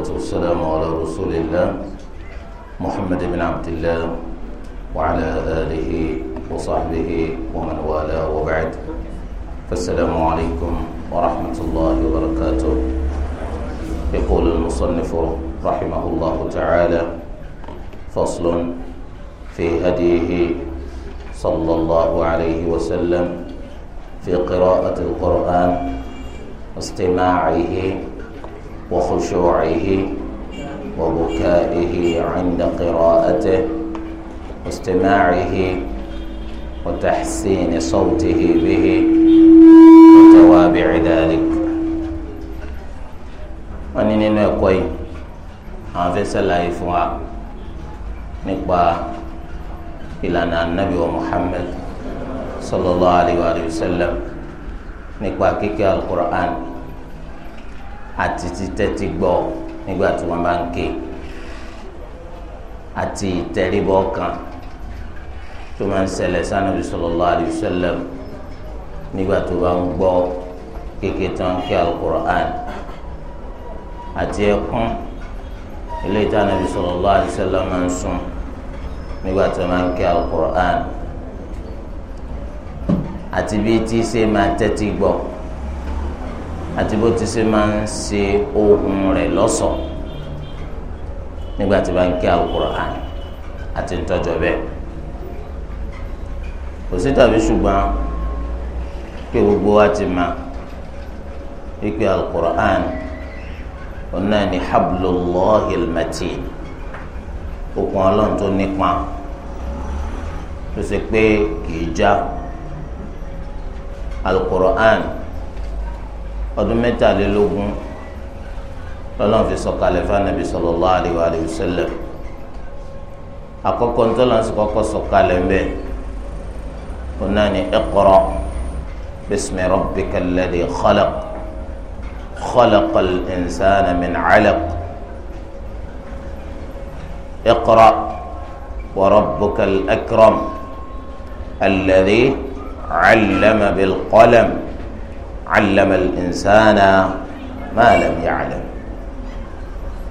والصلاة والسلام على رسول الله محمد بن عبد الله وعلى آله وصحبه ومن والاه وبعد فالسلام عليكم ورحمة الله وبركاته يقول المصنف رحمه الله تعالى فصل في هديه صلى الله عليه وسلم في قراءة القرآن واستماعه وخشوعه وبكائه عند قراءته واستماعه وتحسين صوته به وتوابع ذلك wọ́n ní nínú ẹ̀kọ́ yìí àwọn fẹ́ sẹ́láyé fún wa nípa ìlànà anabi wa muhammed sallallahu alayhi wa sallam nípa kíkẹ́ alukur'an. àti títẹ́tí gbọ́ nígbà tí wọ́n bá ń ké àti ìtẹríbọ kan tó máa ń ṣẹlẹ̀ sànàbí sallallahu alaihi wasallam nígbà tó bá ń gbọ́ kéèké tó ń ké alukur'an àti ẹkún ilé ìtànàbí sallallahu alaihi wasallam máa ń sùn nígbà tó máa ń ké alukur'an àti bí tí ṣe máa tẹ́tí gbọ́ àti bó ti ṣe máa ń ṣe ohùn rẹ̀ lọ́sọ̀ọ́ nígbà tí bá ń kí Al-Qur'an àti ntọ́jọ́ bẹ́ẹ̀ kò sí tàbí ṣùgbọ́n pé gbogbo wa ti ma wípé Al-Qur'an ọ̀nà ni hablullahi al-matin okùn ọlọ́run nípa tó ṣe pé kì já Al-Qur'an. ọdún mẹ́tàlélógún lọ́lọ́run fi sọ̀kalẹ̀ fanabi sallallahu alayhi wa alihi wa sallam àkọ́kọ́ ntọ́lọ́nsì kọ́kọ́ sọ̀kalẹ̀ ń bẹ̀ náà ni iqra bismi rabbika alladhi khalaq khalaqal insana min alaq iqra wa rabbukal akram alladhi allama bil kọ́lẹ̀m. allama al-insana ma lam ya'lam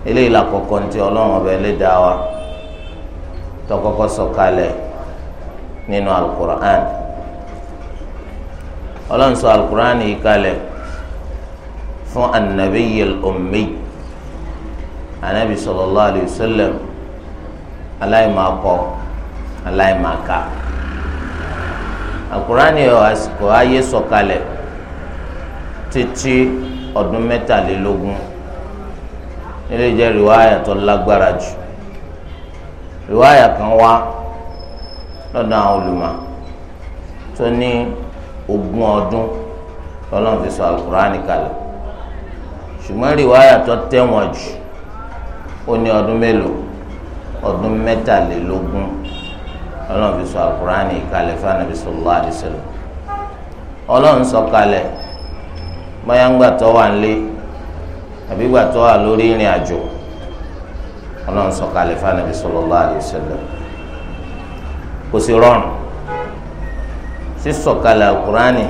eléyìí la kọ́kọ́ ntí ọlọ́run ọba ẹlẹ́dàá wa tó kọ́kọ́ sọ̀kalẹ̀ nínú alukur'an ọlọ́run sọ alukur'an yìí kalẹ̀ fún anabiyyil ummi anabi sallallahu alayhi wa sallam aláìmọ̀ọ́kọ́ aláìmọ̀ọ́ká alukur'an yìí ọ̀ àsìkò ayé sọ̀kalẹ̀. So títí ọdún mẹ́tàlélógún nílé jẹ́ rìwáyà tó lágbára jù rìwáyà kan wá lọ́dọ̀ àwọn olùmọ̀ tó ní ogún ọdún lọ́lọ́run fi sọ alukurani kalẹ̀ ṣùgbọ́n rìwáyà tó tẹ̀wọ̀n jù ó ní ọdún mélòó ọdún mẹ́tàlélógún lọ́lọ́run fi sọ alukurani kalẹ̀ fún anabi sallallahu ọlọ́run sọ kalẹ̀. bóyá ń gbà tó wà nílé àbí gbà tó wà lórí ìrìn àjò ọlọ́run sọ̀kalẹ̀ fanabi sallallahu alaihi wasallam kò sí rọrùn sísọ̀kalẹ̀ alukurani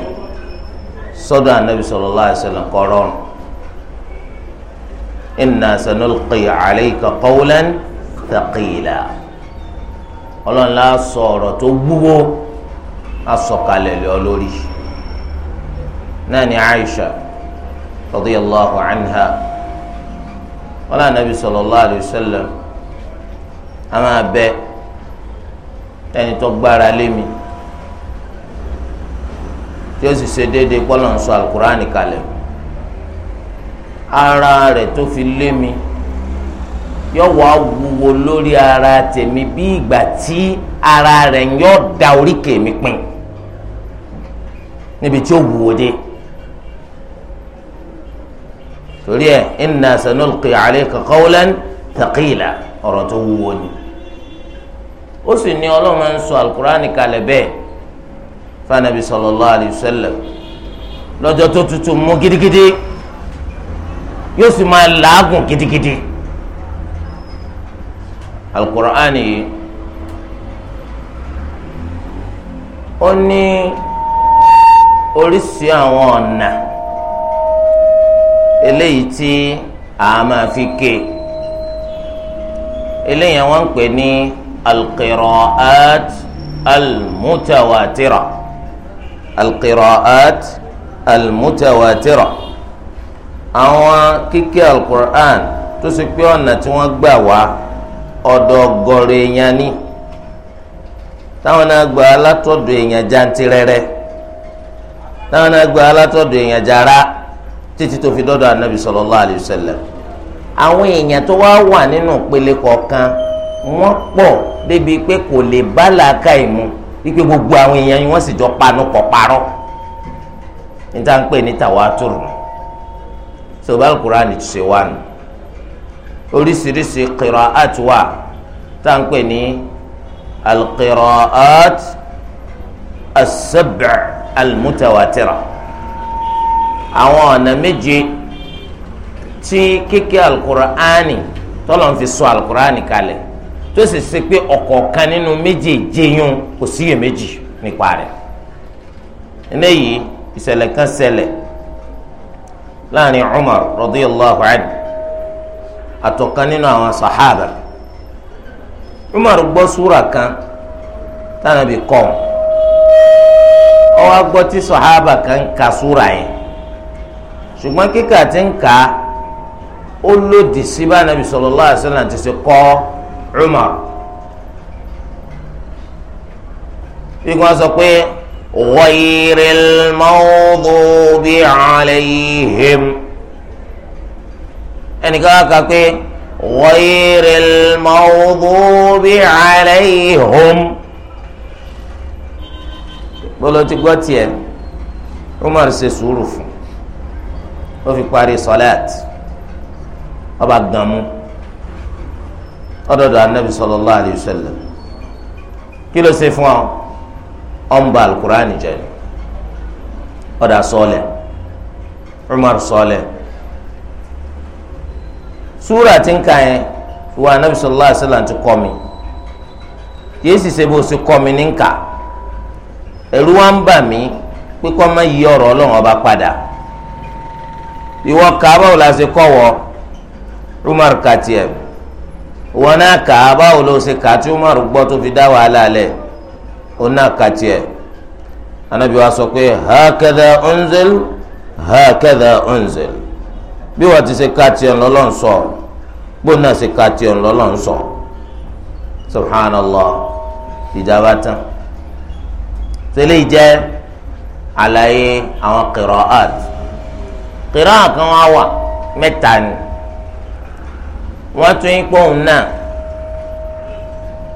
sọ́dọ̀ anabi sallallahu alaihi wasallam kò rọrùn inna sanulqi alayka qawlan thaqila ọlọ́run la sọ ọ̀rọ̀ tó gbúgbó asọ̀kalẹ̀ lọ lórí náà ni Aisha. رضي الله عنها. ولا nàbí صلى الله عليه وسلم أما máa bẹ ẹni tó gbára lé mi tí ó sì ṣe déédéé pọ́lọ́ ń sọ alukur'ani kalẹ̀ ara rẹ̀ tó fi lé mi yóò wá lórí ara tèmi bí ìgbà tí ara rẹ̀ yóò da oríkèé mi pin níbi tí ó wúwo dé torí ẹ inna sanulqi alayka qawlan thaqila ọ̀rọ̀ tó wúwo ni ó sì ní ọlọ́run máa ń sọ alukur'ani kalẹ̀ bẹ́ẹ̀ fanabi sallallahu alayhi wa sallam lọ́jọ́ tó tutù mú gidigidi yóò sì máa làágùn gidigidi alukur'ani ó ní oríṣi àwọn ọ̀nà eléyìí tí a máa fi ké eléyìí wọ́n ń pè ní alqiraat almutawatira alqiraat almutawatira àwọn kíké alqur'an tó sì pé ọ̀nà tí wọ́n gbà wá ọ̀dọ̀ ọgọ́rọ̀ èèyàn ni táwọn náà gba alátọ̀dọ̀ èèyàn jantirẹrẹ táwọn náà gba alátọ̀dọ̀ èèyàn jara títí tó fi dọ́dọ̀ anabi sallallahu alayhi wa sallam àwọn èèyàn tó wá wà nínú ìpele kọ̀ọ̀kan wọ́n pọ̀ débi pé kò lè bá làákà ìmú wípé gbogbo àwọn èèyàn yìí wọ́n sì jọ panu kọ̀ parọ́ níta ń pè ní tàwátùrù sọba alukurani ti ṣe wánu oríṣiríṣi qira'at wà tá ń pè ní alqira'at as-sab' al-mutawatira. al al àwọn ọ̀nà méje tí kíké alukur'ani tọ́lọ̀ ń fi sọ alukur'ani kalẹ̀ tó sì ṣe pé ọ̀kọ̀ọ̀kan nínú méjèèje yún kò síyèméjì nípa rẹ̀ eléyìí ìṣẹ̀lẹ̀ kan ṣẹlẹ̀ láàrin Umar radiyallahu anhu àtọ̀kan nínú àwọn sahaba Umar gbọ́ súra kan tánàbí kọ́ ọ wá gbọ́ tí sahaba kan ka súra yẹn ṣùgbọ́n kíkà tí ń kà á ó lòdì sí bá nàbì sallallahu alaihi wasallam ti ṣe kọ́ Umar bí wọ́n sọ pé ghayril maghdubi alayhim ẹnìkan á kà pé ghayril maghdubi alayhum bọ́lá ti gbọ́ tiẹ̀ Umar ṣe sùúrù fún. ó fi parí sọláàt ọba gànmú ọdọdọ anabi sallallahu alayhi wa kí ló ṣe fún ọ ọmọba jẹ sọlẹ umar sọlẹ tí ń yẹn ìwà anabi sallallahu alayhi wa ti kọ́ mi kì sì ṣe bó mi ní nkà wa ọba padà. ìwọ kà báwo la ṣe kọ́ wọ́ Umar kà tiẹ̀ wọn náà kà báwo ló ṣe kà tí Umar gbọ́ tó fi dá wàhálà lẹ̀ òun náà kà tiẹ̀ anabi wa sọ pé hakadha unzil hakadha unzil bí wọ́n ti ṣe kà tiẹ̀ lọ́lọ́n sọ gbóná ṣe kà tiẹ̀ lọ́lọ́n subhanallah ìjàmbá tán tẹ́lẹ̀ jẹ́ àlàyé àwọn qira'at kìrá kan wá wà mẹ́ta ni wọ́n tún ń pọ̀ náà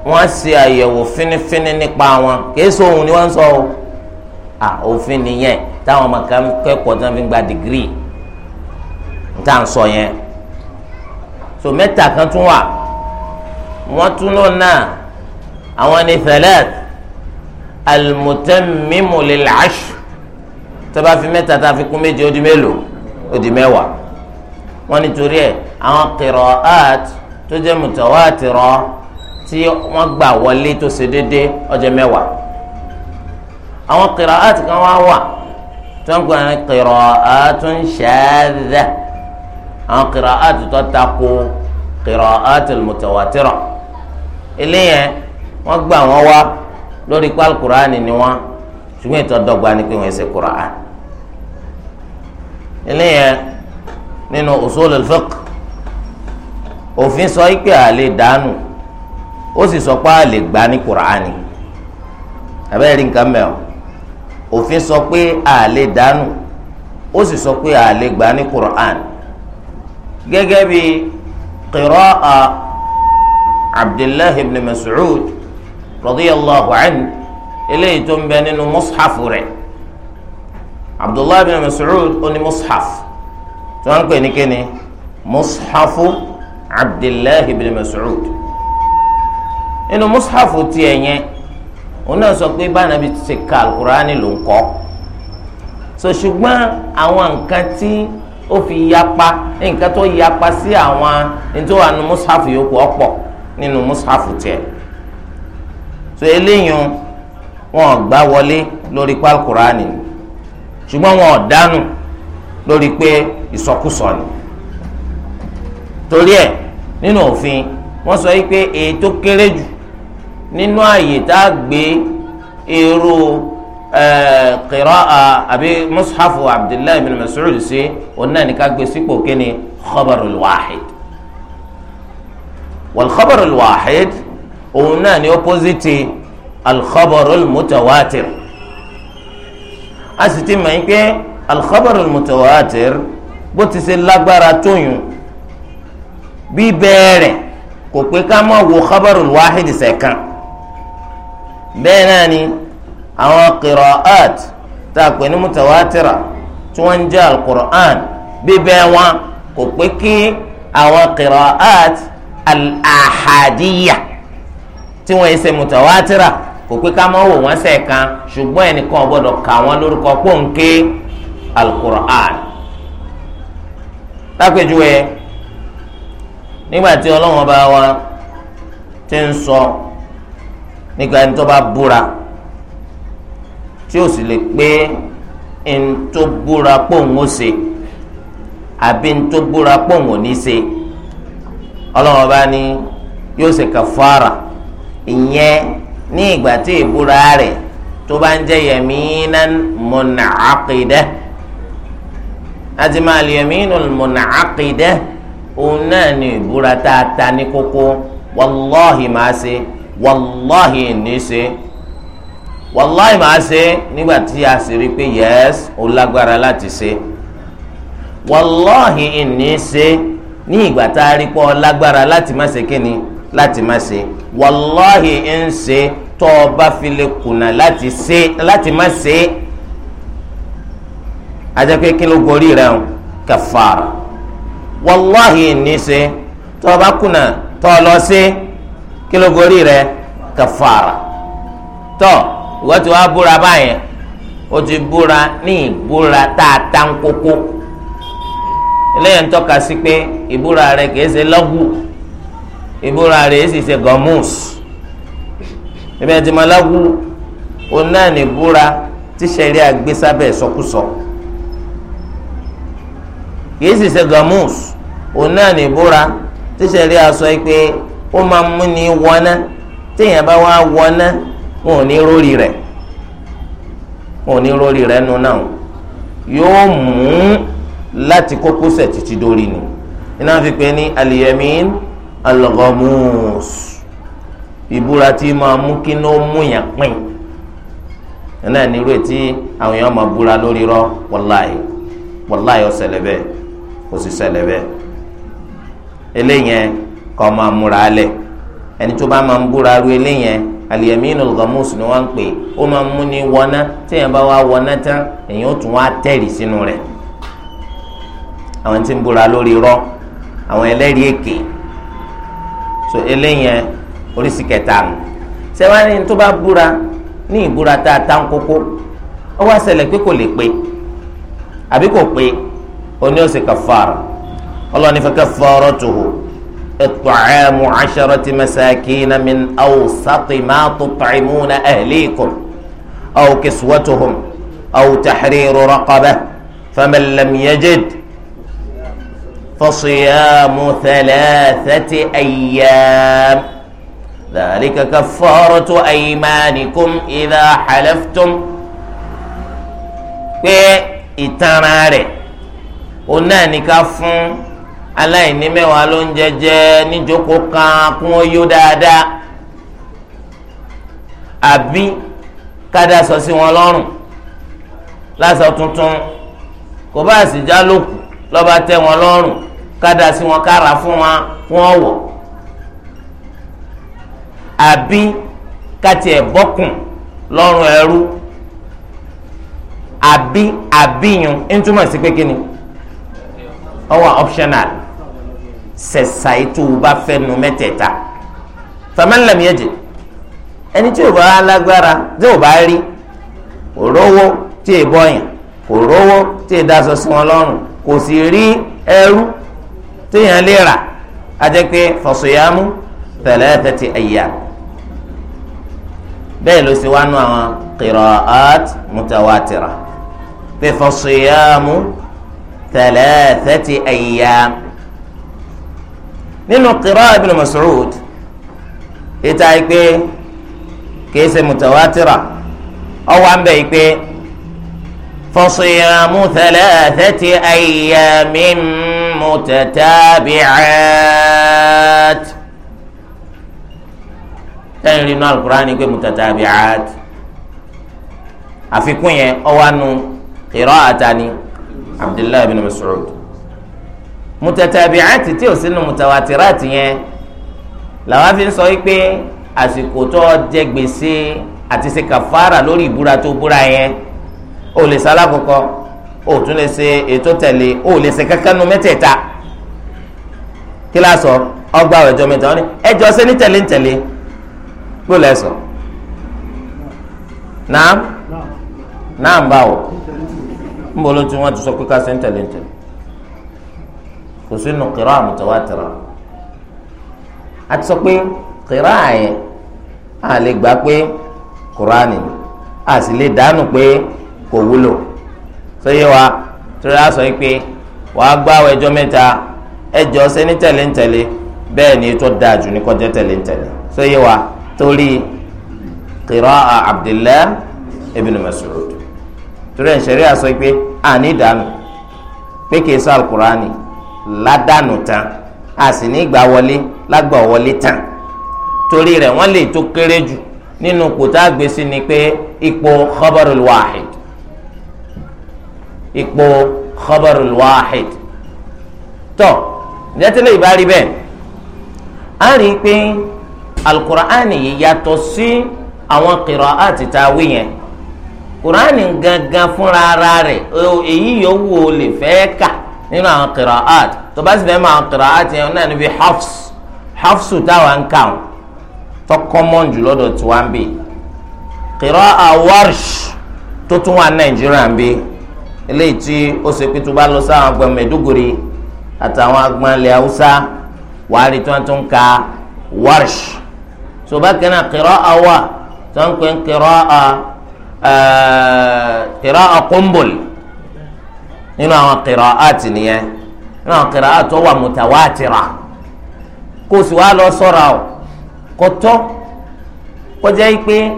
wọ́n ṣe àyẹ̀wò fínífíní nípa wọn kìí sọ òun ni wọ́n ń sọ o à òfin nìyẹn táwọn ọmọ kan kẹ́kọ̀ọ́ tán fi gba dìgírì tá à ń sọ yẹn so mẹ́ta kan tún wà wọ́n tún lọ náà àwọn ní thalath al-mutammimu tó bá fi mẹ́ta tá a fi kún méje ó mélòó ó di mẹ́wàá wọ́n nítorí ẹ̀ àwọn qira'at tó jẹ́ mutawatira tí wọ́n gbà wọlé tó ṣe dédé ó jẹ́ mẹ́wàá àwọn qira'at kan wá wà tó ń gbà ní qira'atun shadha àwọn qira'at tó tako qira'atul mutawatira eléyẹn wọ́n gbà wọ́n wá lórí pálí kuraani ni wọ́n ṣùgbọ́n ìtọ́ dọ́gba ni pé wọ́n ṣe kuraani eléyẹn nínú usul al-fiqh òfin sọ pé a lè dànù ó sì sọ pé a lè gbà ní kùránì abẹ́rẹ́ rí nǹkan mẹ́ọ̀ òfin sọ pé a lè dànù ó sì sọ pé a lè gbà ní kùránì gẹ́gẹ́ bí qira'a abdullahi ibn mas'ud radiyallahu anhu eléyìí tó ń bẹ nínú mushafu rẹ̀ abdullahi bin mas'ud oní mushaf tí wọ́n ń pè ní kíni mushafu abdullahi bin mas'ud inú mushafu tiẹ̀ yẹn òun náà sọ pé báyìí nàbí ti ka alukurani ló ń kọ́ so ṣùgbọ́n àwọn nǹkan tí ó fi yapa nǹkan tó yapa sí àwọn nítorí àwọn mushafu yòókù ọ̀pọ̀ nínú mushafu tiẹ̀ so eléyìí wọn gbá wọlé lórí pa ni ṣùgbọ́n wọn ò dánù lórí pé ìsọkúsọ ni torí ẹ̀ nínú òfin wọ́n sọ wípé èyí tó kéré jù nínú ààyè tá a gbé èrò qira'a àbí mushafu abdullahi bin mas'ud sí òun náà ní ká gbé sípò kíni khabarul wahid wal khabarul wahid òun náà ní opposite al khabarul mutawatir a sì ti mọ̀ yín pé al-khabar al-mutawatir bó ti ṣe lágbára tóyún bí bẹ́ẹ̀rẹ̀ kò pé ká má wo khabar al-wahid sẹ̀kan bẹ́ẹ̀ náà ni àwọn qira'at tá a pè ní mutawatira tí wọ́n ń jẹ́ al-Qur'an bíbẹ́ wọn kò pé kí àwọn qira'at al-ahadiyya tí wọ́n ṣe mutawatira kò pé ká máa wò wọ́n sẹ́ẹ̀kan ṣùgbọ́n ẹnìkan ò gbọ́dọ̀ kà wọ́n lórúkọ pọ́ǹké alukur'an lápèjúwe nígbà tí ọlọ́wọ́n bá wa ti ń sọ nígbà ẹni tó bá búra tí ó sì lè pé ẹni tó búra pòun ó àbí ẹni tó búra pòun ní ṣe ọlọ́wọ́n bá ní yóò ṣe kàfàrà ìyẹn ní ìgbà tí ìbúra rẹ̀ tó bá ń jẹ́ yaminan mun'aqida àti máa lè yaminul mun'aqida òun náà ní ìbúra tá a ta ní kókó wàlláhi máa ṣe wàlláhi ní ṣe wàláì máa ṣe nígbà tí a sì rí pé yẹ́s ó lágbára láti ṣe wàláì ìní ṣe ní ìgbà tá a rí pé ó lágbára láti má ṣe kíni láti má ṣe wàláì ń ṣe tó o bá fi lè kùnà láti ṣe láti má ṣe é ajẹ́pẹ́ kí ló gorí rẹ̀ ń kàfàrà wàláhì ní ṣe tó o bá kùnà tó o lọ ṣe kí ló gorí rẹ̀ kàfàrà tó ìwọ́n ti wá búra báyẹn o ti búra ní ìbúra tá a ta ń kókó eléyìí ń tọ́ka sí pé ìbúra rẹ̀ kìí ṣe lọ́gù ìbúra rẹ̀ kìí ṣe gọ́mùsù ẹ̀bẹ̀ ẹ̀dì màláwù òun náà ní búra tíṣẹ̀rí àgbésábẹ̀ sọkúsọ kìí sì ṣe gamus òun náà ní búra tíṣẹ̀rí àsọ yìí pé ó máa ń múni wọná téèyàn bá wá wọná wọn ò ní rórí rẹ̀ wọn ò ní rórí rẹ̀ nu náà yóò mú láti kókósẹ̀ títí dórí ni iná fi pè ní aliyamin alghamus. ìbúra tí máa mú kí ní ó mú yàn pín náà ní irú etí àwọn èèyàn rọ wàláì wàláì ó ṣẹlẹ̀ bẹ́ẹ̀ sì ṣẹlẹ̀ bẹ́ẹ̀ eléyẹn kọ́ máa múra alẹ̀ ẹni tó bá máa ń búra ru eléyẹn al-yaminul ni wọ́n ń pè ó máa ń mú ní wọná bá wá wọná tán èèyàn ó tún wá sínú àwọn tí ń rọ àwọn ẹlẹ́rìí èké oríṣi kẹta nù sẹwáni tó bá búra ní ìbúra tá a tá ń kókó ó wá ṣẹlẹ̀ pé kò lè pé àbí kò pé oní ó ṣe kàfàrà ọlọ́ni fa kaffaratuhu it'amu asharati masakina min awsati ma tut'imuna ahlikum aw kiswatuhum aw tahriru raqabah faman lam yajid fasiyamu thalathati ayyam dhalika kaffaratu aymanikum idha halaftum pé ìtanra rẹ̀ òun náà ní ká fún aláìní mẹ́wàá ló ń jẹjẹ níjókòó kan kún ó yó dáadáa àbí kádà sọ sí wọn lọ́rùn lásọ tuntun kò bá sì já lókù lọ́ba tẹ́ wọn lọ́rùn kádà sí wọn kára fún wọn kún ọ̀wọ̀ àbí kàtì ẹ̀ bọ́kùn lọ́rùn ẹrú àbí àbíyun ń sí pé kíni ọwọ́ optional ṣẹ̀ṣà ètò bá fẹ́ nu mẹ́tẹ̀ẹ̀ta famalami ẹ̀jẹ̀ ẹni tí o bá lágbára tí ò bá rí òrówó tí ì bọ́yìn kò rówó tí e daṣọ sí wọn lọ́rùn kò sì rí ẹrú lè rà bẹ́ẹ̀ ló ṣe wá nú àwọn qira'at mutawatira pé fasiyamu thalathati ayyam nínú qira'at Ibn Mas'ud ìta ìpè kìí ṣe mutawatira ọwọ́ à ń bẹ̀ ìpè fasiyamu thalathati ayyamin mutatabi'at. tẹ́yìn rinú alukur'ani pé mutatabi'at àfikún yẹn ọwánu qira'atani abdullahi bin mas'ud mutatabi'at tí o sínú mutawatirat yẹn làwọn fi ń sọ pé àsìkò tó jẹ gbèsè àti ṣe kàfàrà lórí ìbúra tó búra yẹn o lè ṣe alákọ̀ọ́kọ́ o tún lè ṣe ètò tẹ̀lé o lè ṣe kankanu mẹ́tẹ̀ẹ̀ta kí lásọ ọgbà ọ̀jọ́ mẹ́ta wọn ni ẹjọ́ ṣe ní tẹ̀lé ń tẹ̀lé. gbọ́ ẹsọ naam naam báwo ń bọ̀ ló ti wọ́n ti sọ pé ká ṣe ń tẹ̀lé ń tẹ̀lé kò sínú kìrá a ti sọ pé kìrá yẹn a lè gbà pé kùránì a sì lè dánù pé kò wúlò sọyẹ wa torí a sọ yìí pé wàá gbáwọ ẹjọ́ mẹ́ta ẹjọ́ ṣe ní tẹ̀lé ń ni tó dáa jù ní kọjá wa. torí qira'a abdullahi ibn mas'ud torí ẹ̀ ṣẹ̀rí àṣọ pé àní ìdánù pé kìí sọ alukurani ládànù tán a sì ní ìgbà wọlé lágbà wọlé tán torí rẹ̀ wọ́n lè tó kéré jù nínú kòtà gbèsè ni pé ipò khabarul ipò khabarul wahid tọ́ ìjẹ́tẹ́lẹ̀ bẹ́ẹ̀ á rí i pé alukur'ani yìí yàtọ̀ sí àwọn qira'ati tá a wí yẹn kur'ani gangan fúnra ara rẹ̀ èyí yòówù ó lè fẹ́ kà nínú àwọn qira'at tó bá sì fẹ́ mọ àwọn qira'at yẹn náà níbi hafs hafsu táwa ń kà ó tó common jù lọ́dọ̀ tiwa ń bè qira'a warsh tó tún wà nàìjíríà ń bè eléyìí tí ó ṣe pé tó bá lọ sáwọn agbọn mẹdúgùrì àtàwọn agbọn ilẹ̀ haúsá wàá rí tí wọ́n tún ka warsh. sobakena kera awa sankwen kera a kera a kumbul ina wa kera a tiniye ina wa kera a to wa mutawatira ko si wa lo sora o ko to ko je ipe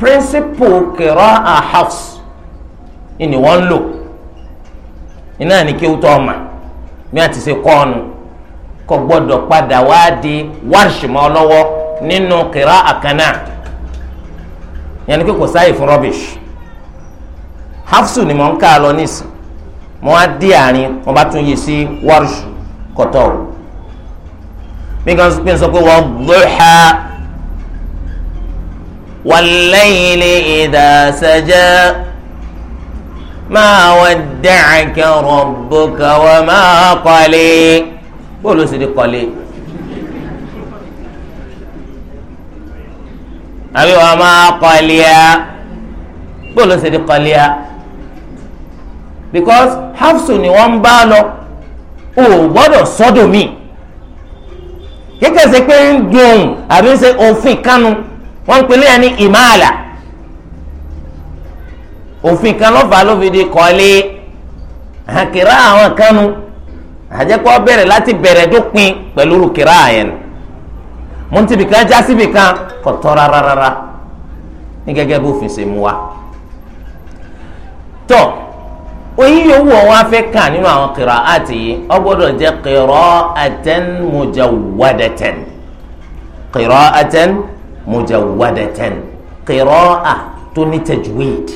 principle kera a hafs ini won lo ina n'ike ke uto ma mi ati se ko onu ko gbodo pada wa di shi ma olowo nínú kira àkànnà yẹn ni pé kò sáyè fún rubbish hafsu ni mò ń ká lọ nísì mo á dí àárín mo bá tún yí sí wárṣù kọtọ o bí kan pín sọ pé wọ́n gbóhà wal layli idha saja ma wadda'aka rabbuka wa ma qali bóòlù sì di kọ́lé. àbí wàá máa kọ́líà bóòlù sì di kọ́líà because hafsu ni wọ́n ń bá lọ o gbọ́dọ̀ sọ́dọ̀ mi kékeré pé ń dùn àbí ń ṣe òfin kánú wọ́n ń pè léyà ní ìmáàlà òfin kan lọ́fà ló fi di kọ́lé àkìrá àwọn kánú àjẹpọ̀ bẹ̀rẹ̀ láti bẹ̀rẹ̀ dópin pẹ̀lú kìrá yẹn mú ti bìkan já síbi kan kò tọ́ rárá rárá ní gẹ́gẹ́ bó fi ṣe mu wa. tọ́ oyin yòówù ọ̀hún afẹ́ kàn nínú àwọn qira'ati yìí ó gbọ́dọ̀ jẹ́ qira'atan mujawwadatan qira'atan mujawwadatan qira'a tó ní tajwid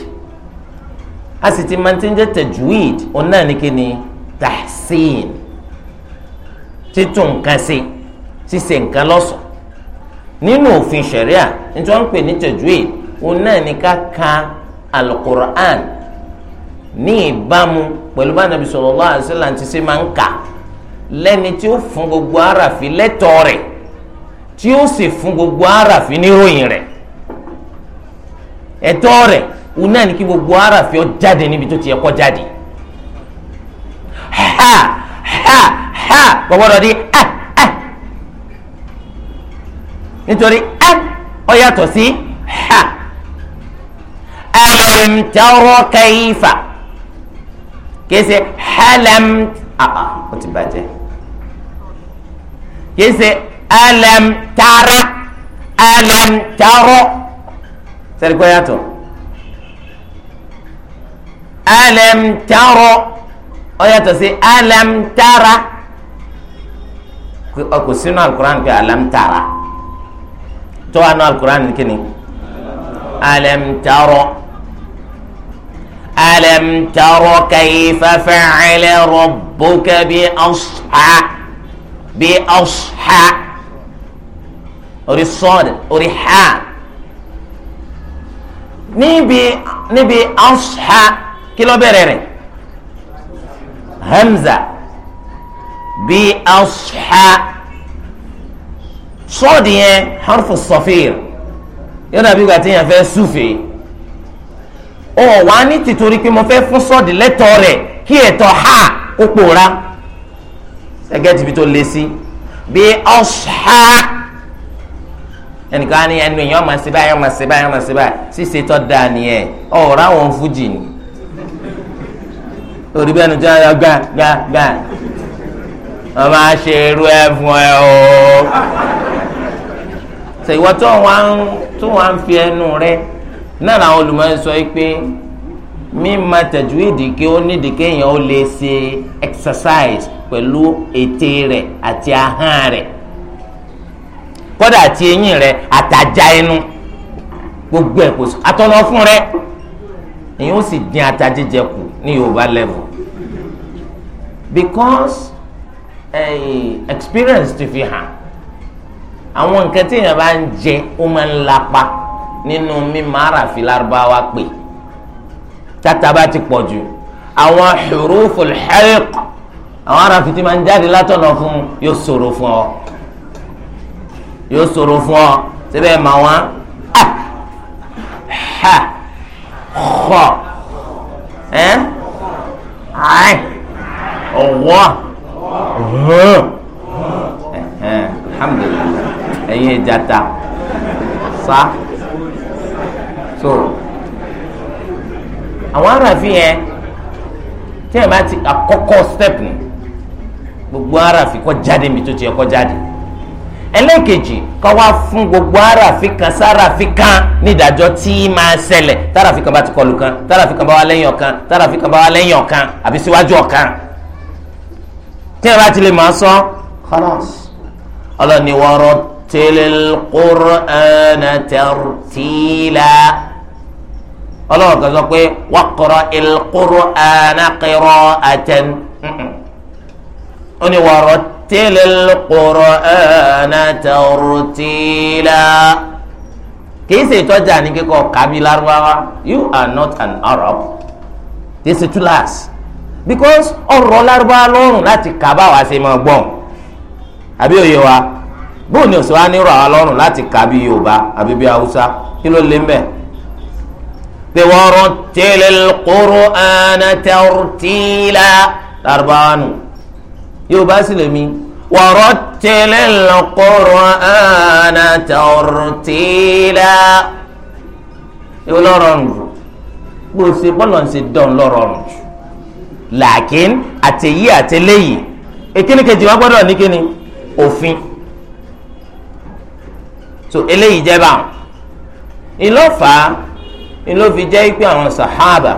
a sì ti máa ti ń jẹ́ tajwid òun náà ní kíni tahsin títún nǹkan sí ṣíṣe nǹkan lọ́sọ̀ọ́ nínú òfin ṣẹ̀ríà nítorí wọ́n ń pè ní tajwid òun náà ní ká ka alukur'an ní ìbámu pẹ̀lú bá nàbì sallallahu alaihi wasallam ti ṣe máa ń kà lẹ́ni tí ó fún gbogbo aráàfin lẹ́tọ̀ọ́ rẹ̀ tí ó sì fún gbogbo aráàfin níròyìn rẹ̀ ẹ̀tọ́ rẹ̀ òun náà ní kí gbogbo aráàfin ó jáde níbi tó ti yẹ jáde ha ha ha gbọ́dọ̀ di ha nítorí ẹ ọ yàtọ̀ sí ha alam tara kayfa kìí ṣe halam àà ó ti bàjẹ́ kìí ṣe alam tara alam tara sẹ́ni kọ́ yàtọ̀ alam tara ó yàtọ̀ sí alam tara kò sínú alukur'an pé alam tara tó wà nù alukur'an ní kíni alam taro alam taro kayfa fa'ala rabbuka bi asha bi asha orí sọọd orí ha níbi níbi asha kí bẹ̀rẹ̀ rẹ̀ hamza bi asha sọ́ọ̀dì yẹn harfu sọfíìr yóò dàbí ìgbà tí yẹn fẹ́ súfèé o wà ní tìtorí pé mo fẹ́ fún sọ́ọ̀dì lẹ́tọ̀ọ́ rẹ̀ kí ẹ̀tọ́ ha kó pòórá ẹgẹ́ tìbí tó lé sí bí ọ̀ṣà ẹnìkan á ní ẹnu èèyàn ọmọ sí báyìí ọmọ sí báyìí ọmọ sí báyìí ṣíṣe tó dáa nìyẹn ọ̀rá wọn fújì ni orí bẹ́ẹ̀ ni tí wọ́n yọ gbà gbà gbà wọ́n máa ṣe irú ẹ̀ fún ẹ o sọ ìwọ tó wà ń tó wà ń fi ẹnu rẹ náà làwọn olùmọ̀ọ́ sọ pé mímọ tẹ̀júwìdì kí ó nídìí kéèyàn ó lè ṣe exercise pẹ̀lú ètè rẹ̀ àti ahọ́n rẹ̀ kọ́dà àti eyín rẹ̀ àtàjà ẹnu gbogbo ẹ̀ kò sí atọ́nà fún rẹ̀ èyí ó sì dín ata jíjẹ kù ní Yorùbá level because eh, experience ti fi hàn àwọn nǹkan tí èèyàn bá ń jẹ ó máa ń lapa nínú mímọ àràfi lárúbáwá pè tata bá ti pọ̀ jù àwọn huruful halq àwọn àràfi tí máa ń jáde látọ̀nà fún yóò ṣòro fún ọ yóò ṣòro fún ọ síbẹ̀ mà wọ́n ah! ha xọ ẹ ayi ọwọ́ alhamdulilayi ẹ̀yin ẹ̀jata sá so àwọn aráàfin yẹn tí ẹ̀ máa ti àkọ́kọ́ step ni gbogbo aráàfin kọ́ jáde mi tó ti yẹ kọ́ jáde ẹlẹ́ẹ̀kejì kọ́ wá fún gbogbo aráàfin kan sáráàfin kan nídàjọ́ tí máa ṣẹlẹ̀ táráàfin kan bá ti kọlù kan táráàfin kan bá wà lẹ́yìn ọ̀kan táráàfin kan bá wà lẹ́yìn ọ̀kan àbí síwájú ọ̀kan tí ẹ̀ bá ti lè máa sọ khalas ọlọ́ni wọ́n rọ́ọ̀tù rattilil qur'ana tartila ọlọ́run kan sọ pé waqra'il qur'ana qira'atan ó ní wa rattilil qur'ana tartila kìí ṣe ìtọ́jà ní kíkọ́ kàbí lárúbáwá you are not an Arab kìí ṣe túláàsì because ọ̀rọ̀ lárúbáwá lọ́rùn láti kàbá ṣe máa gbọ́n àbí òye wa bóun ni òsè wa ní rọ̀ ọlọ́run láti kà bí yorùbá àbí bí haúsá kí ló lé mbẹ́. pé wọ́n rọ tẹ́lẹ̀ kóró ẹ̀ẹ́nà tẹ́rù tìlà lárúbáwá nù yorùbá sì lè mi. wọ́n tẹ́lẹ̀ kóró ẹ̀ẹ́nà tẹ́rù tìlà ìwé lọ́rọ̀rùn jù bó ṣe bọ́lọ̀ ń ṣe dán lọ́rọ̀rùn jù làákín àtẹ̀yí àtẹ̀lẹ́yìn èkíní kejì gbọ́dọ̀ ní kíni òfin so eléyìí jẹ́ báwọn ìlọ́fà ìlọ́fi jẹ́ pé àwọn sàhábà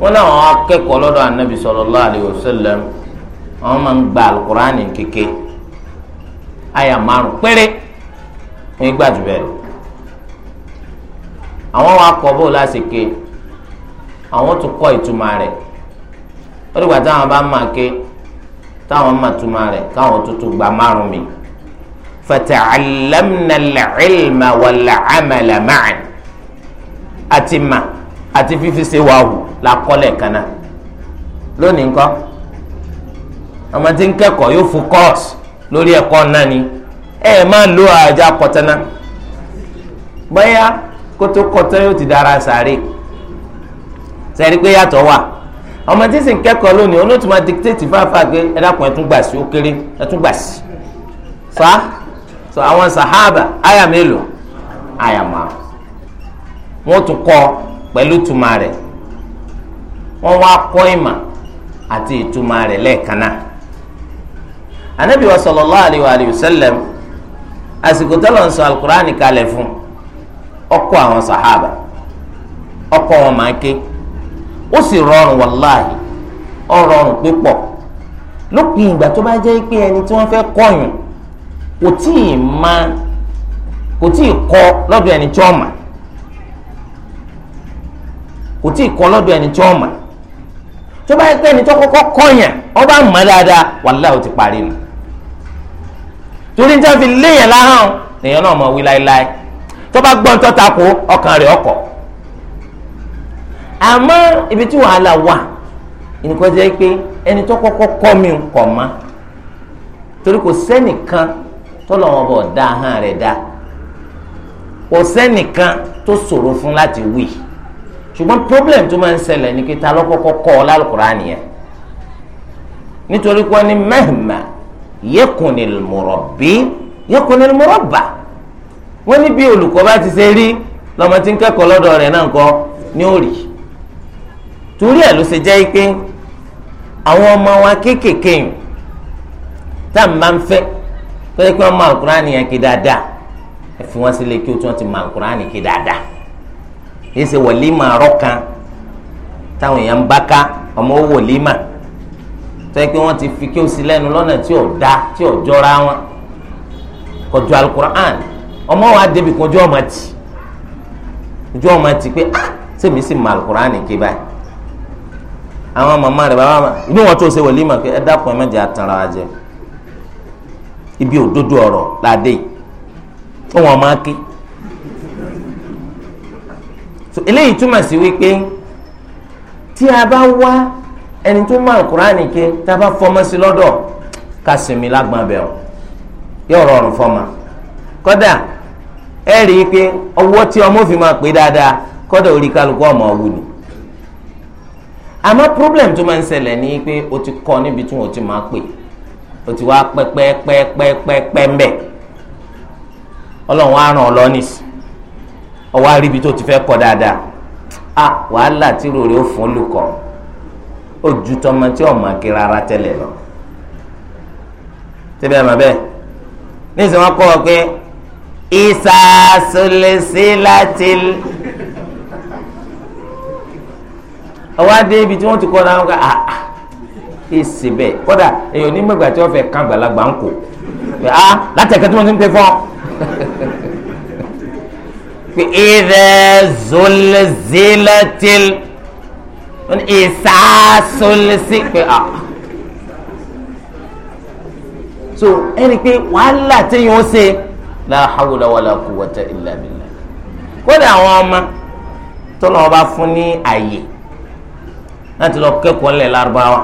wọn làwọn akẹ́kọ̀ọ́ lọ́dọ̀ anabi sallallahu alayhi wa sallam àwọn máa ń gba alukurani kéke àyà márùn péré wọn gbà jù bẹ́ẹ̀ lọ àwọn wa kọ bó lásìké àwọn tún kọ ìtumọ̀ rẹ̀ ó dìgbà táwọn bá máa ké táwọn máa túmọ̀ rẹ̀ káwọn tuntun gba márùn mi fata'allamna العلم والعمل wal-amala ma'an àti mà àti fífi ṣe wà hù la kọ́lẹ̀ kan náà lónìí nǹkan ọmọ tí ń kẹ́kọ̀ọ́ yóò fún kọ́ọ̀sì lórí ẹ̀kọ́ náà ni ẹ máa lo àjà kọ̀tẹ́ná bóyá kótó kọ̀tẹ́ yóò ti dára sáré sẹ́rí pé yàtọ̀ wà ọmọ tí sì ń kẹ́kọ̀ọ́ lónìí olóòtú máa dictate fáfáà pé ẹ dákun gbà sí ó kéré ẹ gbà sí fa. So, so àwọn sahaba aya mélòó aya márùn wọn tún kọ pẹ̀lú tuma rẹ̀ wọn wá kọ ìmà àti ìtumà rẹ̀ lẹ́ẹ̀kan náà anabi wa sallallahu alayhi wa sallam àsìkò tó lọ sọ alukur'ani kalẹ̀ fún ọkọ àwọn sahaba ọkọ wọn máa ké ó sì rọrùn wàláhì ó rọrùn púpọ̀ lópin ìgbà tó bá jẹ́ pé ẹni tí wọ́n fẹ́ kọ́yìn kò tí ì ma kò tí ì kọ lọ́dọ̀ ẹni tí mà kò tí ì kọ tó bá yẹ ẹni kọ́kọ́ ọba mọ̀ dáadáa wàhálà ọ ti parí nù torí fi léèyàn láhàn lèèyàn náà mọ̀ wí láéláé bá gbọ́n tó takò ọkàn rẹ̀ ọkọ̀ ibi tí wàhálà wà ìnìkan jẹ́ pé ẹni kọ́kọ́ kọ́ ma torí kò sẹ́nìkan tọ́lọ̀ wọn bọ̀ dá ahọ́n rẹ̀ dá kò sẹ́nìkan tó ṣòro fún láti wí ṣùgbọ́n problem tó máa ń ṣẹlẹ̀ ní kíta lọ́kọ́kọ́ kọ́ ọ lálùkùránì yẹn nítorí pé ní mẹ́hìnmá yẹkùnil mùrọ̀bí yẹkùnil mùrọ̀bà wọ́n ní bí olùkọ́ bá ti ṣe rí lọ́mọ tí ń kẹ́kọ̀ọ́ lọ́dọ̀ rẹ̀ náà nǹkan ní òrì torí ẹ̀ ló ṣe jẹ́ pé àwọn ọmọ wa kéékèèké tá à ń máa ń fẹ́ tó yẹ kí wọ́n máa alukurani yẹn ké dáadáa ẹ fi wọ́n sílé kí o tí wọ́n ti máa alukurani ké dáadáa yìí ṣe wọ̀límà rọ́kan táwọn èèyàn ń bá ká ọmọ owó wọ̀límà tó yẹ kí wọ́n ti fi kí o sí lẹ́nu lọ́nà tí ò da tí ò jọra wọn kọjú alukurani ọmọ wa débi kọjú ọmọ tì ojú ọmọ tì pé ah sèmi sì máa alukurani ké báyìí àwọn màmá rẹ bàbá mi ìbí wọn tó ṣe wọ̀límà pé ẹ dákun ẹ mẹjẹ ibi òdodo ọ̀rọ̀ ládé yìí tó wọn máa ké so eléyìí túmọ̀ sí wípé tí a bá wá ẹni tó máa kúránì ké tá a bá fọmọ sí lọ́dọ̀ ká sinmi lágbọ́n bẹ̀ ọ́ yóò rọrùn fọmọ kódà ẹ rí i pé ọwọ́ tí ọmọ fi máa pè dáadáa kódà orí kálukú ọmọ ọ̀wù ni àmọ́ problem tó máa ń ṣẹlẹ̀ ni pé o ti kọ́ níbi tí wọ́n ti máa pè é o ti wá pẹ́pẹ́pẹ́pẹ́pẹ́ mbẹ́ ọlọ́run wa ràn ọ́ lọ nísì ọwọ́ àríbi tó ti fẹ́ kọ́ dáadáa a wàhálà tí rò rè ó fún olùkọ́ ó ju tọmọ tí ọmọ kí rárá tẹ́lẹ̀ lọ síbẹ̀ mọ̀ bẹ́ẹ̀ nísìnyí wọ́n kọ́ ọ pé ìsàsọlẹsílátì ọwọ́ adé ibi tí wọ́n ti kọ́ ọ náà wọ́n kọ́ àà èsì bẹ́ẹ̀ kódà èyàn ní mẹ́gbà tí wọ́n fẹ́ kán àgbàlagbà ń kò pé a ah, látẹ̀kẹ́ tí wọ́n ti ń pè fọ́ pé ìrẹ́ zolzilatil ìsàsolisi pé a. Ah. so ẹni pé wàhálà téèyàn ó ṣe la hawla wala quwwata illa billah kódà àwọn ọmọ tọ́lọ́ wọn fún ní àyè láti lọ kẹ́kọ̀ọ́ lẹ̀ lárúbáwá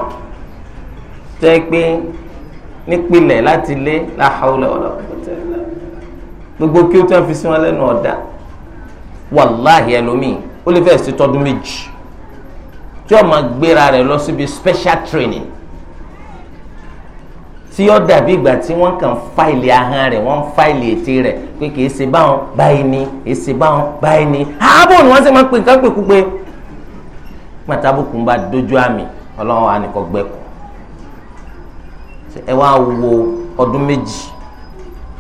tẹ́ pé nípìnlẹ̀ láti lé la hawla wala gbogbo kí o tí wọ́n fi sí wọn lẹ́nu ọ̀dà wàláhì ẹlòmíì ó lè fẹ́ẹ́ sí tọdún méjì tí ó máa gbéra rẹ̀ lọ síbi special training tí ó dàbí ìgbà tí wọ́n kàn fáìlì ahọ́n rẹ̀ wọ́n fáìlì ètè rẹ̀ pé kìí ṣe báwọn báyìí ni kìí ṣe báwọn báyìí ni ààbò ni wọ́n sì máa ń pè nǹkan pèkúpé màtàbùkù ń bá dojú àmì ọlọ́run ànìkọ́ gbẹ́kù ẹ wá wo ọdún méjì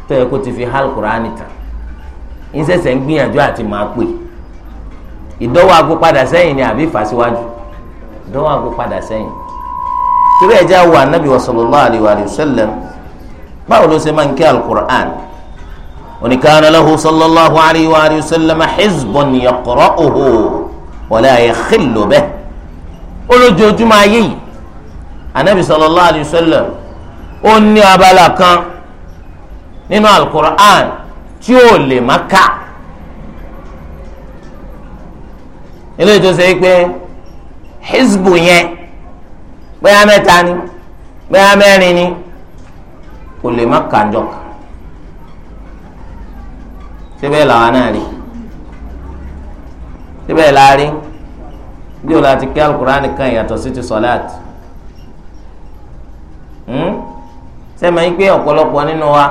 tó yẹ kó ti fi hal kuraani tán ìṣẹ̀ṣẹ̀ ń gbìyànjú àti máa pè ìdánwò ago padà sẹ́yìn ni àbí ìfàsíwájú ìdánwò ago padà sẹ́yìn torí ẹ̀jẹ̀ àwọn anabi wa sallallahu alayhi wa sallam báwo ló ṣe máa ń kí alukur'an oníkàánà lahu sallallahu alayhi wa sallam hizbun yaqra'uhu wala yakhillu bih olójoojúmọ́ ayé yìí anabi sallallahu alayhi wa ó ní abala kan nínú alukur'an tí ó lè má kà eléyìí tó ṣe é pé hizbu yẹn bóyá mẹ́ta ni bóyá mẹ́rin ni kò lè má kà jọkà síbẹ̀ làwọn náà rí síbẹ̀ la bí o láti kí alukur'an kan yàtọ̀ sí ti sọ̀láàtì. sẹ́mi yín pé ọ̀pọ̀lọpọ̀ nínú wa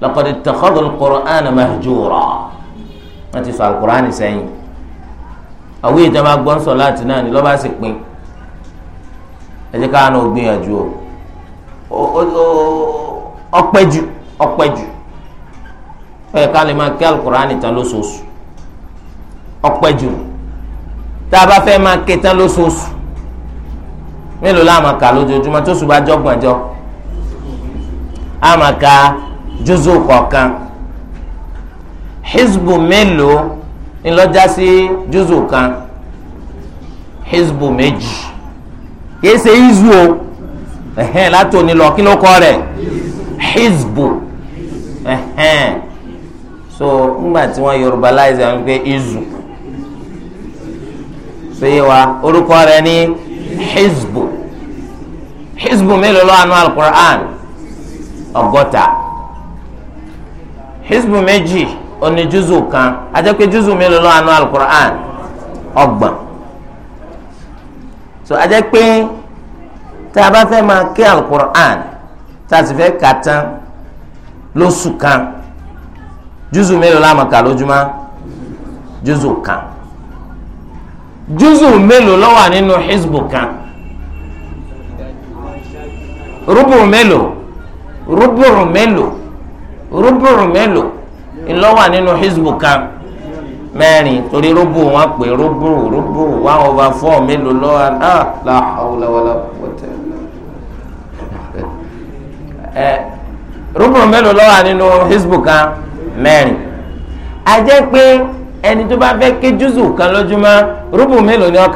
laqad ittakhadhu al-Qur'ana mahjura wọ́n ti sọ al-Qur'ani sẹ́yìn àwọn ìjọba gbọ́n sọ láti náà ni lọ́ba sì pin ẹ jẹ́ káwọn náà gbìyànjú o ọpẹ́ jù ọpẹ́ jù ẹ ká lè máa kí al-Qur'ani tán lóṣooṣù ọpẹ́ jù tá a bá fẹ́ máa ké tán lóṣooṣù mélòó la máa lójoojúmọ́ tó ṣùgbọ́n ajọ́gbọ̀njọ́. amaka jùzù kọ̀ọ̀kan hizbu mélòó ńlọ́jà sí jùzù kan hizbu méjì kìí ṣe izu o ẹ̀hẹ́n látòní kí ló kọ́ hizbu so ńgbà tí wọ́n yorùbáláìsì àwọn pé izu sèyí wa orúkọ rẹ̀ ní hizbu hizbu mélòó ọgọ́ta hizbu méjì oní júzù kan àtẹ́pẹ́ júzù mélòó lọ́wọ́ àánú alukur'an ọgbọ̀n so àtẹ́pẹ́ tá a bá fẹ́ máa ké alukur'an tá a sì fẹ́ kà tán lóṣù kan júzù mélòó la máa kà lójúmọ́ júzù kan júzù mélòó lọ́wọ́ nínú hizbu kan rúbù mélòó rúbùrù mélòó rúbùrù mélòó ńlọ́wà nínú hizbu kan mẹ́rin torí rúbù wọn pè rúbùrù rúbùrù one over four mélòó lọ́wọ́ ah la hawla wala quwwata ẹ eh, rúbùrù mélòó lọ́wà nínú hizbu kan mẹ́rin a jẹ́ pé ẹni tó bá fẹ́ ké júzù kan lójúmọ́ rúbù mélòó ni ó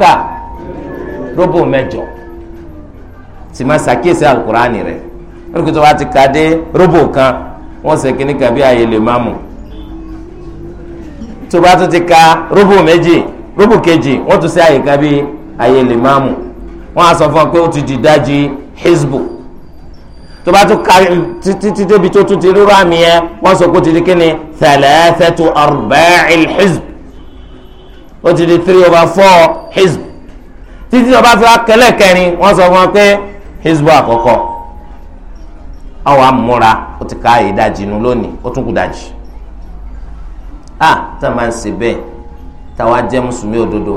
rúbù mẹ́jọ sì máa ṣàkíyèsí alukurani rẹ̀ lórí kìtọ́ wa ti ka dé róbò kan wọ́n ṣe kíní kàbí ààyè lè má mú tó bá tún ti ka róbò méjì róbò kejì wọ́n tún ṣe ààyè kàbí ààyè lè má mú wọ́n á sọ fún ọ pé ó ti di dájí hizbu tó bá tún ka títí débi tó tún ti rírọ àmì yẹn wọ́n sọ pé ó ti di kíni thalathatu arba'il hizb ó ti di three over four hizb títí tó bá tún akẹlẹ kẹrin wọ́n sọ fún ọ pé hizbu àkọ́kọ́ àwọn amúra ó ti ká ìdajì nu lónìí ó tún kù dajì a tá a máa ń ṣe bẹ́ẹ̀ táwa jẹ́ mùsùlùmí òdodo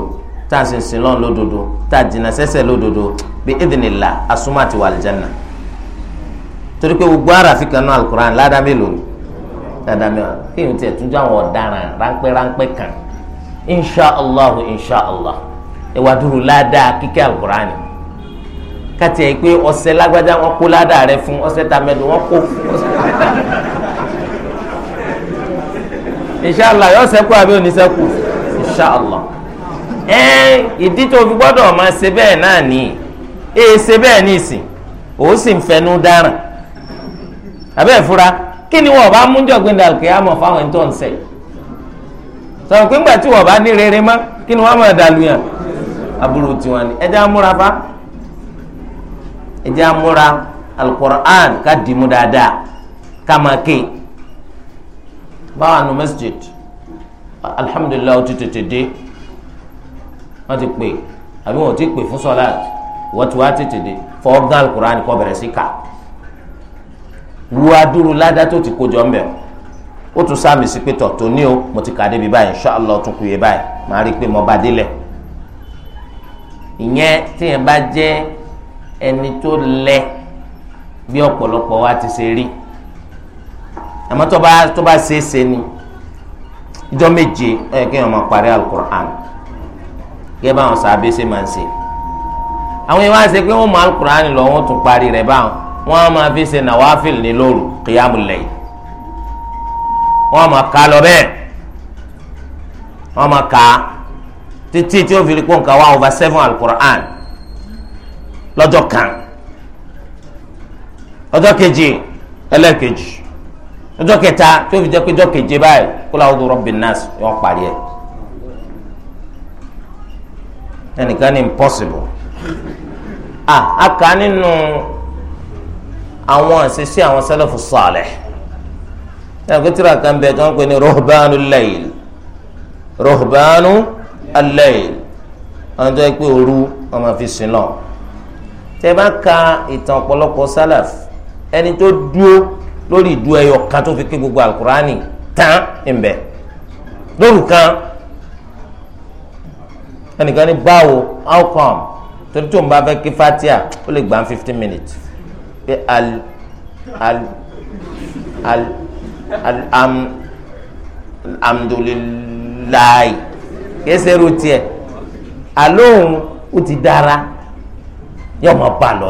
tá a sì ń sin lọ́n lódodo tá a jìnnà sẹ́sẹ̀ lódodo bí idinila asúmọ́ àti wàlìjánà torí pé gbogbo àràfin kan náà alukur'an ládàá mélòó ni ládàá mélòó ni kí ni tiẹ̀ tún jẹ́ àwọn ọ̀daràn ráńpẹ́ ráńpẹ́ kan inshàlá inshàlá ẹ dúró ládàá kíkẹ́ alukur'an ni. kàtí ẹ̀ pé lagbada lágbájá wọn kó ládàá rẹ fún ọsẹ tàmẹ́dù wọn kó fún ọ̀sẹ̀. inṣàlá yọ sẹ́kù àbí oníṣẹ́kù inṣàlá. ẹ ìdí tó fi gbọ́dọ̀ naanị náà ní e ṣe bẹ́ẹ̀ ní ìsìn òun sì ń fẹnu dáràn àbẹ́ ìfura kí ni wọn bá mú dàlùkì fáwọn ẹni tó ń pé ńgbà tí wọn bá ní rere ẹ jẹ́ amúra alukur'an ká dìímú dáadáa ká máa ké báwa nu masjid alhamdulilayi o ti tètè dé wọ́n ti pè àbí wọ́n ti pè fún sọ́lá wọ́n ti wá tètè dé fọwọ́ gán alukur'an kọ́ bẹ̀rẹ̀ sí kà wúwa dúró ládàá tó ti kó jọ ń bẹ̀rù ó tún sáàmì sí pé tọ̀tún ní o mo ti kàdé bíi báyìí inṣàlọ́ tún kú yé báyìí màá rí i pé mo bá délẹ̀ ìyẹn téèyàn bá jẹ́ ẹni tó lẹ bí ọ̀pọ̀lọpọ̀ wa ti ṣe rí àmọ́ tó bá tó bá ṣe é ṣe ni ìjọ méje ẹ kéèyàn máa parí alukur'an kí ẹ bá wọn sábẹ́ ṣe máa ń ṣe àwọn yẹn wá ṣe pé wọ́n mọ alukur'an lọ wọ́n tún parí rẹ̀ báwọn wọ́n á máa fi ṣe nàwáfíìl ní lóru kìyàmù lẹ́yìn wọ́n máa kà lọ bẹ́ẹ̀ wọ́n máa kà títí tí ó fi kó nǹkan wá over seven alukur'an lọ́jọ́ kan ọjọ́ kejì ẹlẹ́ẹ̀kejì ọjọ́ kẹta tó fi jẹ́ pé ọjọ́ keje báyìí kó láwùjọ rọ́bì nọ́ọ̀sì yọ parí ẹ̀ ẹnìkan ní impossible ah a kà nínú àwọn àṣìṣe àwọn sẹlẹ̀fù sọ̀lẹ̀ ẹ̀kọ́ tíra kan bẹ̀ tí wọ́n pè ní rohbanu layl rohbanu alayl àwọn tó yẹ pé máa fi sin lọ́wọ́ tẹ bá ka ìtàn ọ̀pọ̀lọpọ̀ sálàf ẹni tó dúró lórí ìdúró ẹyọ kan tó fi ké gbogbo alukurani tán ẹ̀mbẹ̀ lóru kan ẹnìkan ní báwo how come torí tó ń bá fẹ́ ké fatia ó lè gbà fifteen minutes pé al al al al am alhamdulilayi kí ẹ sẹ́rù tiẹ̀ alóhùn ó ti dára. 要么半裸。